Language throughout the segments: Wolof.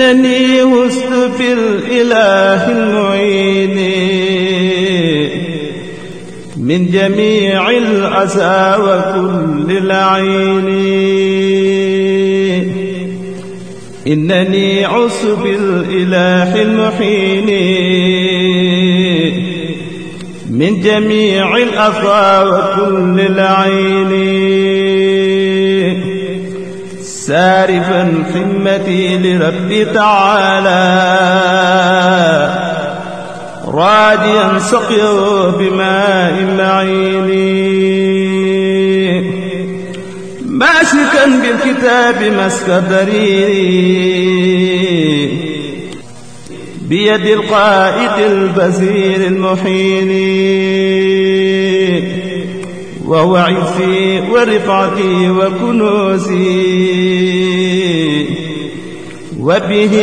إنني وست بالإله المعين من جميع العسى وكل العين إنني عس بالإله المحين من جميع الأصى وكل العين saarifan himmati li rabbi taala raadiyan saqyo bi maa maini maasikan bil kitaabi maska dariri bi yadi al qaa'idi al basiiri al muhiini وهو عفي ورفعتي وكنوزي وبه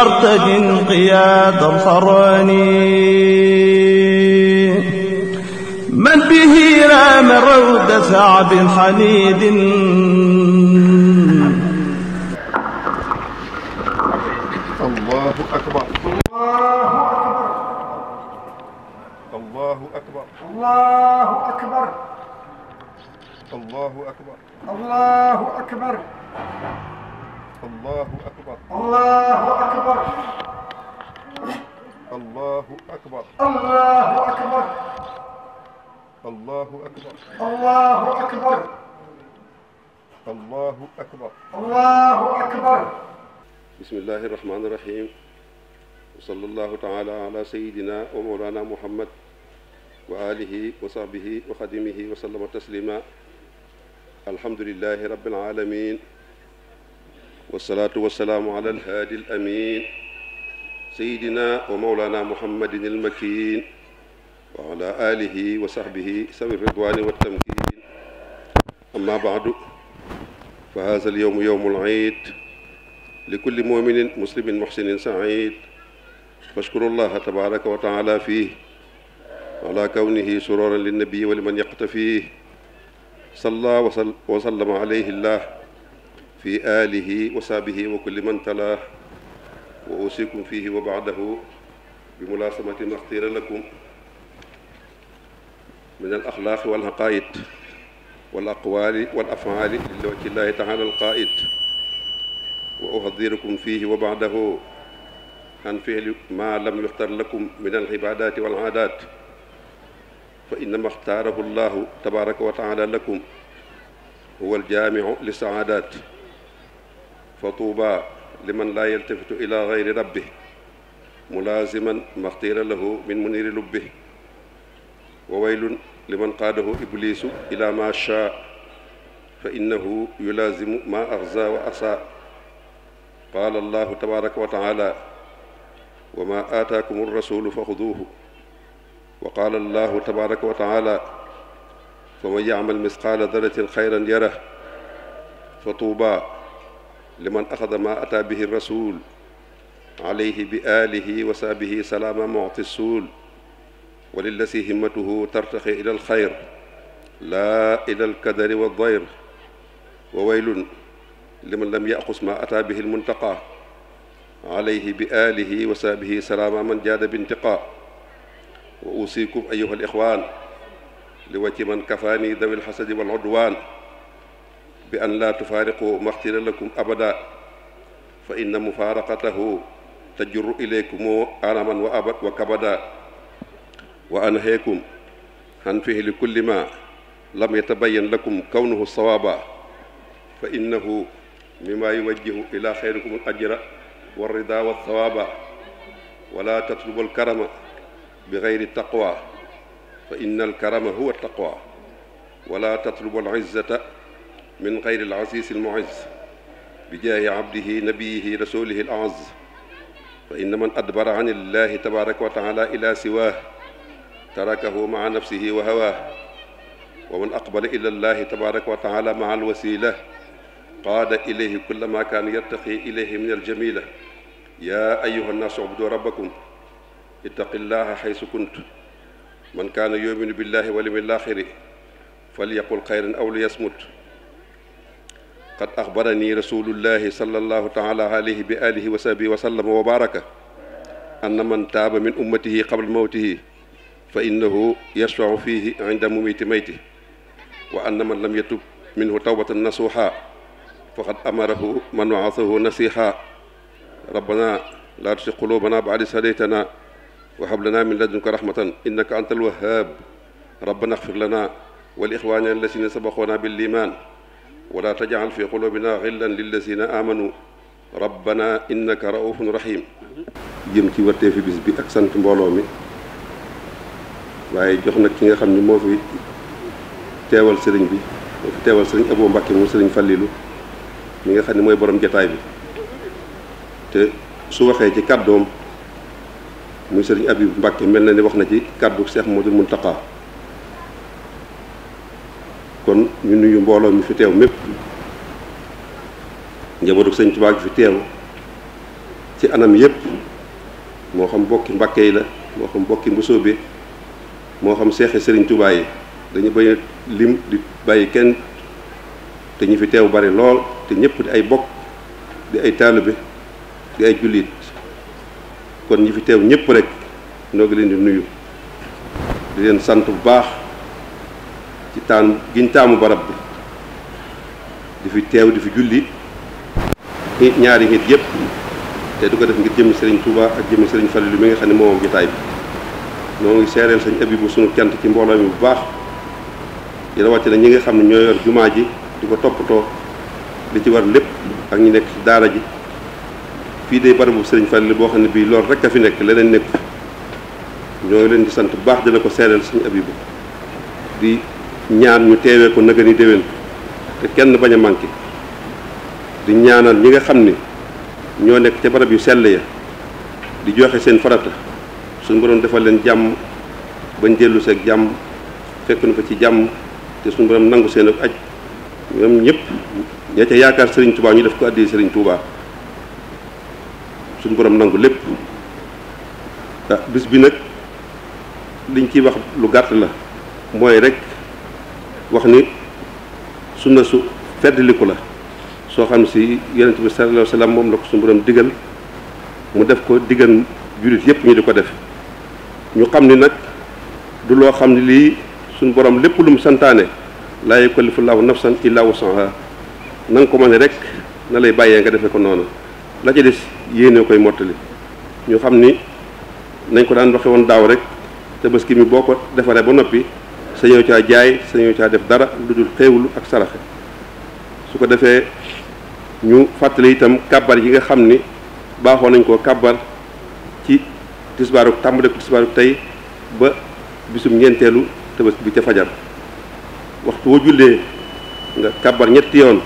أرتجي انقياد الخران من به رام رود سعد حنيد الله أكبر الله أكبر الله أكبر الله أكبر الله أكبر الله أكبر الله أكبر الله أكبر الله أكبر الله أكبر الله أكبر الله أكبر الله أكبر الله أكبر بسم الله الرحمن الرحيم وصلى الله تعالى على سيدنا ومولانا محمد وآله وصحبه وخدمه وسلم تسليما alhamdulillahi rabbil alamin wasalaatu wasalaamu ala alhaadi alamin sayidina wa mawlana muhammadin almakin wa ala alihi wa sahbihi sawi ridwani wattamkin amma baadu fa haza alyowmu yowmu alciid likulli muminin muslimin muxsinin saciid fashkuru llaha tabaraka wa taala fiih wa ala kawnihi sururan linnabiyi wa liman yaqtafiih صلى وسلم عليه الله في آله وصحبه وكل من تلاه وأوصيكم فيه وبعده بملازمة ما اختير لكم من الأخلاق والعقائد والأقوال والأفعال لوجه الله تعالى القائد وأحذركم فيه وبعده عن فعل ما لم يختر لكم من العبادات والعادات fa innama xtaarahu llahu tabaraka wa taala lakum huwa aljaamiu li saaadat fa tuuba liman laa yaltafitu ila gayri rabbi mulaasiman maxtiira lahu min muniri lubbi wa waylun liman qaadahu iblisu ila ma shaa fa innahu yulaasimu ma axza wa asa qaala allahu tabaraka wa taala wa ma aataakum arrasulu fa xuduuhu wa qaala allahu tabaraka wa taala fa man yacmal misqaala daratin xayran yarah fa tuuba liman axada maa ataa bihi rasul alayhi bi alihi wa saabihi salaama muti suul wa lillasi himmatuhu tartaxi ila alxayr laa ila alkadari waddayr wa waylun liman lam yaxus maa ataa bihi almuntaqa alayhi bi alihi wa saabihi salaama man jaada bintiqa wa uusikum ayuha al ixwaan li wacci man kafaani dawil xasadi wal udwaan bi an laa tufaariqu maxtira lakum abada fa inna mufaaraqatahu tajurru ilaykum araman wa abad wa kabada wa anhaakum an fihli kulli ma lam yatabayan lakum kawnuhu sawaaba fa innahu mimma yuwajjihu ila xayrikum al ajra wa rida wa sawaaba wala tatlubu al karama bi gayri taqwa fa inna alkarama huwa taqwa wala tatlubu alizzata min gayri alasis almuiz bi jaahi abdihi nabiyihi rasulihi alaz fa inna man adbara an illahi tabaraka wa taala ila siwah tarakahu maa nafsihi wa hawaah wa man aqbala ila allahi tabaraka wa taala maa alwasila qaada ilayhi kulla ma kaan yartaqi ilayhi min aljamila ya ayuha annaasu ubudu rabbakum ittaqillaha xaysu kunt man kaana yuminu billahi wal yawmil aaxiri falyaqul xayran aw liyasmut qad axbarani rasulullahi sallallahu taala alayhi bi alihi wa sahbihi wa sallama wa baraka anna man taaba min ummatihi qabla mawtihi fa innahu yashfau fihi inda mumiti mayti wa anna man lam yatub minhu tawbatan nasuha faqad amarahu man waasahu nasiha rabbana laa tusi qulubana ba adis hadaytana وهب لنا من لدنك رحمة إنك أنت الوهاب ربنا اغفر لنا ولإخواننا الذين سبقونا بالإيمان ولا تجعل في قلوبنا غلا للذين آمنوا ربنا إنك رؤوف رحيم jëm ci wërtee fi bis bi ak sant mbooloo mi waaye jox nag ki nga xam ni moo fi teewal sëriñ bi moo fi teewal sëriñ Abo Mbàkke moom sëriñ Fallilu mi nga xam ne mooy borom jataay bi te su waxee ci kàddoom muy sëriñ Abibu Mbàkke mel na ni wax na ci kàddu Seex Moodu Muntaxa kon ñu nuyu mbooloo mu fi teew mépp njabootu sëñ Tuubaa gi fi teew ci anam yépp moo xam bokki Mbàkke yi la moo xam bokki bi moo xam seexi sëriñ Tuubaa yi dañu bay lim di bàyyi kenn te ñu fi teew bari lool te ñëpp di ay bokk di ay taalibe di ay jullit kon ñi fi teew ñëpp rek noo gi leen di nuyu di leen sant bu baax ci taan giñ taamu barab bi di fi teew di fi julli ñaari nit yëpp te du ko def ngir jëmmi sëriñ Touba ak jëmmi sëriñ Falilu mi nga xam ne moom jotaay bi noo ngi sañ abi bu sunu cant ci mbooloo mi bu baax di rawatina ñi nga xam ne ñoo yor jumaa ji di ko toppatoo li ci war lépp ak ñu nekk ci daara ji fii day barabu sëriñ Fallou boo xam ne bii loolu rek a fi nekk leneen nekk ñoo leen di sant bu baax di la ko seedeel suñu abibu di ñaan ñu teewee ko naga ni déwén te kenn bañ a manqué di ñaanal ñi nga xam ni ñoo nekk ca barab yu sell ya di joxe seen farata suñu borom defal leen jàmm bañ dellu seeg jàmm fekk na fa ci jàmm te suñu borom nangu seen ak aj ñoom ñëpp ña ca yaakaar sëriñ Touba ñu def ko addi sëriñ Touba. suñu boroom nangu lépp ah, bis bi nag liñ ciy wax lu gàtt la mooy rek wax ni sunna su feddliku la soo xam si yonent bi sallallahu alayhi wa moom la ko suñu borom digal mu def ko diggan jullit yépp ñu di ko def ñu xam ni nag du loo xam ni lii suñu borom lépp lu mu santaane laa yukallifu llaahu nafsan illaa wusaha na nga ko mën rek na lay bàyyee nga defee ko noonu la ca des yéene koy mottali ñu xam ni nañ ko daan waxe woon daaw rek tabaski mi boo ko defaree ba noppi sañoo ca jaay sañoo caa def dara lu dul xéewlu ak saraxe su ko defee ñu fàttali itam kàbbar yi nga xam ni baaxoo nañ koo kàbbar ci tisbaarug tàmbale ko tisbaarug tey ba bisum ñeenteelu tabaski bi ca fajar waxtu woo jullee nga kàbbar ñetti yoon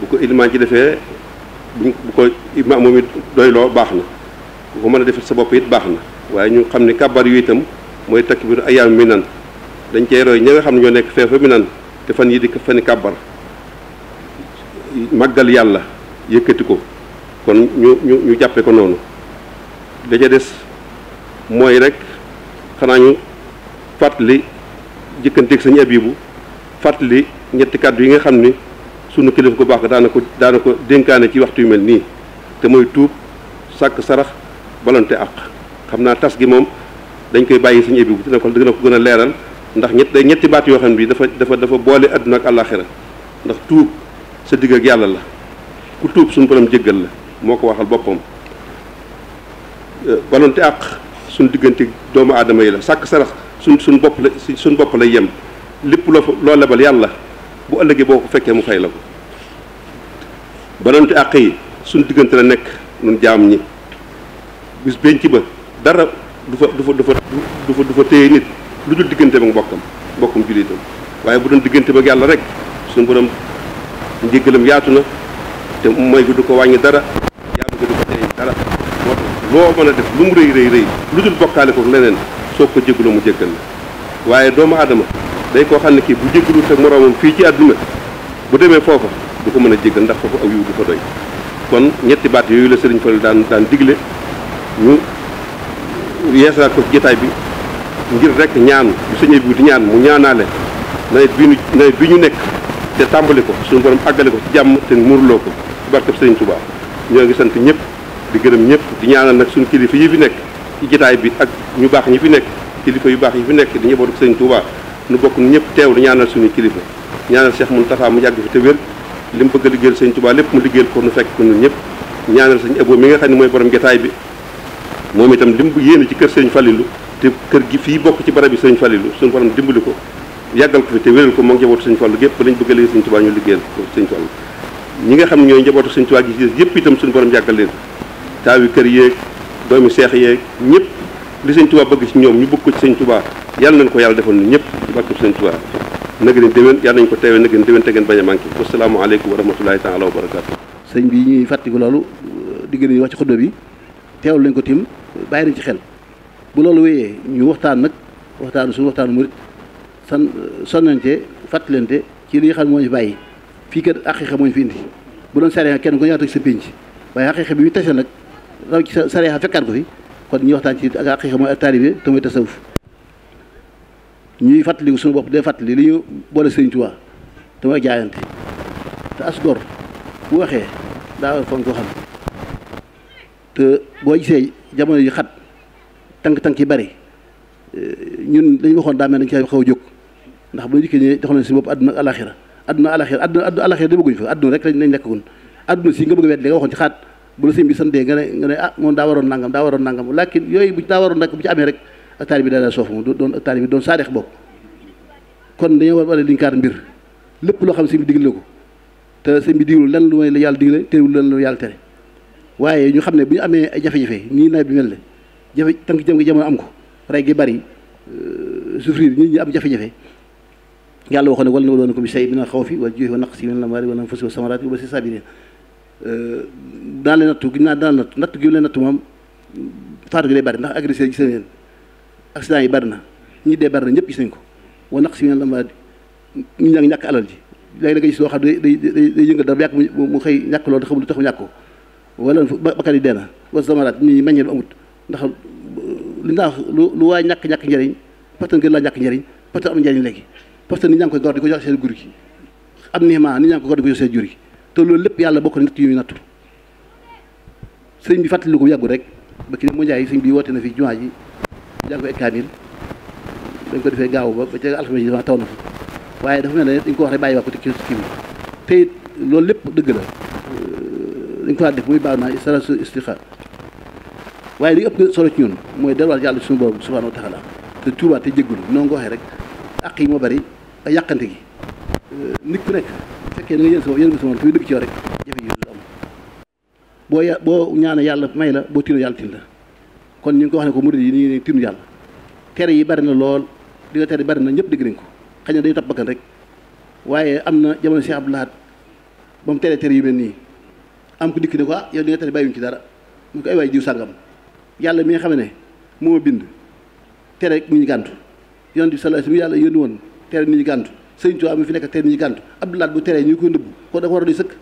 bu ko ilimaan ci defee bu ko imaam moom it doyloo baax na ku ko mën a defal sa bopp it baax na waaye ñu xam ne kàbbar yu itam mooy takbiiru ayaam mi nan dañ cey roy ña xam ne ñoo nekk feefa mi nan te fan yi di fani kàbbar màggal yàlla yëkkati ko kon ñu ñu ñu jàppe ko noonu da ca des mooy rekk xanaa ñu fàttali jëkkanteeg sañu abibu fàttali ñetti kàddu yi nga xam ni sunu kilifa ko baax ko daana ko daana ko dénkaane ci waxtu yu mel nii te mooy tuub sàkk sarax balonte àq xam naa tas gi moom dañ koy bàyyi suñu ébi dina ko dina ko gën a leeral ndax ñett day ñetti baat yoo xam ne bii dafa dafa dafa boole àdduna ak àllaaxira ndax tuub sa digg ak yàlla la ku tuub suñu borom jéggal la moo ko waxal boppam euh, balonte àq suñu diggante doomu aadama yi la sàkk sarax suñ suñu bopp la suñu bopp lay yem lépp loo fa loo lebal yàlla bu ëllëgee boo ko fekkee mu fay la ko balonte àq yi suñ diggante la nekk nun jaam ñi bis benc ba dara du fa du fa du fa du fa du fa téye nit lu dul diggante ba mbokkam mbokkum jullitam waaye bu doon diggante ba yàlla rek suñu borom njéggalam yaatu na te mooy gi du ko wàññi dara yàlla gi ko dara moo tax loo mën a def lu mu rëy rëy rëy lu dul bokkaale ko leneen soo ko jéggalu mu jéggal la waaye doomu aadama day koo xam ne kii bu jéggalu sa moroomam fii ci àdduna bu demee foofa du ko mën a jéggal ndax foofu aw yiw du fa doy kon ñetti baat yooyu la Serigne Fall daan daan digle ñu yeesalaat ko jotaay bi ngir rekk ñaan bu sañee bi di ñaan mu ñaanaale nawet bi ñu nawet bi ñu nekk te tàmbali ko suñu borom àggale ko ci jàmm te muurloo ko ci barkab Serigne Touba ñoo ngi sant ñëpp di gërëm ñëpp di ñaanal nag suñu kilifa yi fi nekk ci jotaay bi ak ñu baax ñi fi nekk kilifa yu baax yi fi nekk di ñëbootu Serigne Touba nu bokk ñëpp teewlu ñaanal suñu kilifa ñaanal Cheikh Mountakha mu yàgg fi te wér li mu bëgg a liggéeyal sëñ Tuubaa lépp mu liggéeyal ko nu fekk ko ñun ñëpp ñaanal sëñ Abo mi nga xam ne mooy borom jotaay bi moom itam li mu yéene ci kër sëñ Falilu te kër gi fii bokk ci barab yi sëñ Falilu suñu borom dimbali ko yàggal ko fi te wéral ko moo ngi njabootu sëñ Fallu gépp lañ bëgg a liggéey sëñ Tuubaa ñu liggéeyal ko sëñ Fallu ñi nga xam ne ñooy njabootu sëñ Tuubaa gi yëpp itam suñu borom yàggal leen taawi kër yéeg doomi seex yeeg ñëpp li sëñ Tuubaa bëgg ci ñoom ñu bëgg ko ci sëñ Tuubaa yàlla nañ ko yàlla defal ñu ñëpp ci bàkkub sëñ Tuubaa na ngeen déwén yàlla ko teewee na ngeen déwén te ngeen bañ a manqué wasalaamaaleykum wa rahmatulahi taala wa barakaatu sëñ bi ñuy fàttiku loolu digg nañu wax ci xutba bi teewul lañ ko tim bàyyi nañ ci xel bu loolu wéyee ñu waxtaan nag waxtaanu suñu waxtaanu murit san sonnante fàttalante ci li xam ne moo ñu bàyyi fii kat aqiqa moo ñu fi indi bu doon sareexa kenn ko ñaata sa pénc waaye aqiqa bi ñu tase nag raw ci sareexa fekkaat ko fi kon ñuy waxtaan ci ak àqiqa mooy ak taalibe te mooy tasawuf ñuy fàttaliku suñu bopp day fàttali li ñu boole Sëriñ Tuubaa te mooy jaayante te as bu waxee daa fonk ko xam te boo gisee jamono yu xat tànk-tànk yi bari eh, ñun dañu waxoon daa mel dañ cee xaw jóg ndax bu ñu dikkee ñu dox nañ suñu bopp àdduna ak alaxira àdduna alaxira àdduna àdduna alaxira da bëgguñ fa àdduna rek lañ nekkagun àdduna si nga bëgg wet li nga waxoon ci xaat bu la sëñ bi santee nga ne nga ne ah moom daa waroon nangam daa waroon nangam laakin yooyu bu daa waroon nag bu ci amee rek ak taali bi daa daa soof doon ak taali kon dañoo war wala di kaar mbir lépp loo xam sëñ bi digle ko te sëñ bi lan lu may la yàlla digle teewul lan lu yàlla tere waaye ñu xam ne bu ñu amee ay jafe-jafe nii nawet bi mel ne jafe tànk jëm nga jamono am ko rey gi bari euh, souffrir nit ñi am jafe-jafe yàlla waxoon ne wala na doon ko bi say bi na xaw fi wala jiw wa naq si wala mari wala fasi wa ba si sabirin daal nattu ginnaaw daal nattu nattu gi leen nattu moom faatu gi day bari ndax agressé gis nañ leen accident yi bari na ñi dee bari na ñëpp gis nañ ko wa naq si meen lama ñu ñaa ñàkk alal ji léegi da nga gis loo day day yëngal dara yàq mu ñàkk loolu xamul tax mu ñàkk ko wala bakkan yi dee na wala samaraat amut ndax li naa wax lu waay ñàkk-ñàkk njëriñ parce que gën laa ñàkk njëriñ parce que am njëriñ léegi parce que nit ñaa di ko jox seen jur gi am ni ma nit ñaa ngi koy di ko jox seen jur gi te loolu lépp yàlla bokk na natt yu sëñ bi fàttali yàggu rek ba mu jaay sëñ bi woote na fi jumaa ji jàng dañ ko defee gaaw ba ba ca alxames ji taw waaye dafa mel ne dañ ko wax rek bàyyi wax ko ci kii loolu lépp dëgg la euh, dañ ko daan def muy baax naa salatu istixa waaye li ëpp solo ci ñun mooy delluwaat yàlla suñu borom subhanahu wa taala te tuubaat te jéggulu noonu nga waxee rek àq yi moo bari ak yàqante gi euh, nit ku nekk fekkee da nga jël sa yëngu sa moom fi dëgg ci yow rek boo ya boo ñaane yàlla may la boo tinu yàlla la kon ñu ngi ko wax ko murid yi nii ne tinu yàlla tere yi bari na lool di nga tere bari na ñëpp dégg nañ ko xëy na day topp bakkan rek waaye am na jamono Cheikh Abdou laat ba mu tere tere yu mel nii am ku dikk ne ko ah yow di nga tere bàyyiwuñ ci dara mu ko ay waay jiw sàngam yàlla mi nga xam ne moo bind tere nit ñi gàntu yonent bi sallallahu alayhi wa yàlla yónni woon tere nit ñi sëñ Tuubaa mi fi nekk te ñuy gàntu Abdoulaat bu teree ñu koy nëbb kon dafa war a doy sëkk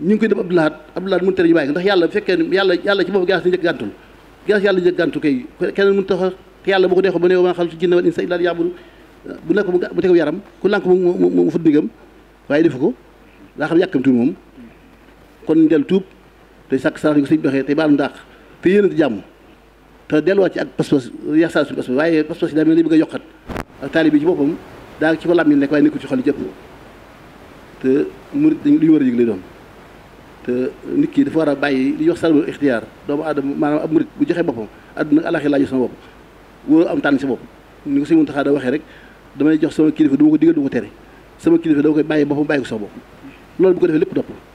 ñu ngi koy def Abdoulaat Abdoulaat mun tere ñu bàyyi ndax yàlla bu fekkee yàlla yàlla ci boppam gaas njëkk gàntul gaas yàlla njëkk gàntu kay keneen mun yàlla bu ko deexoo ba ne maa xam ci jinne wa insa illaa bu nekk mu tegu yaram ku lànk mu mu fut ndigam waaye defu ko daa xam moom kon ñu dellu tuub te sàkk sarax ñu ko sëñ bi waxee te baalu ndaax te jàmm te delluwaat ak pas-pas yax waaye pas-pas yi daa mel ni bëgg a yokkat ak taalibe ci boppam daa ci ko làmmiñ nekk waaye nekkul ci xol yi jëpp te murit dañ lu ñu war a yëg lay doon te nit ki dafa war a bàyyi li ñuy wax salbu ixtiyaar doomu aadama maanaam ab murit bu joxe boppam àdduna alaxi laa jox sama bopp wóoru am tànn si bopp ni ko si mun taxaa da waxee rek damay jox sama kilifa du ma ko digal du ko tere sama kilifa dama koy bàyyi boppam bàyyi ko sama bopp loolu bu ko defee lépp dopp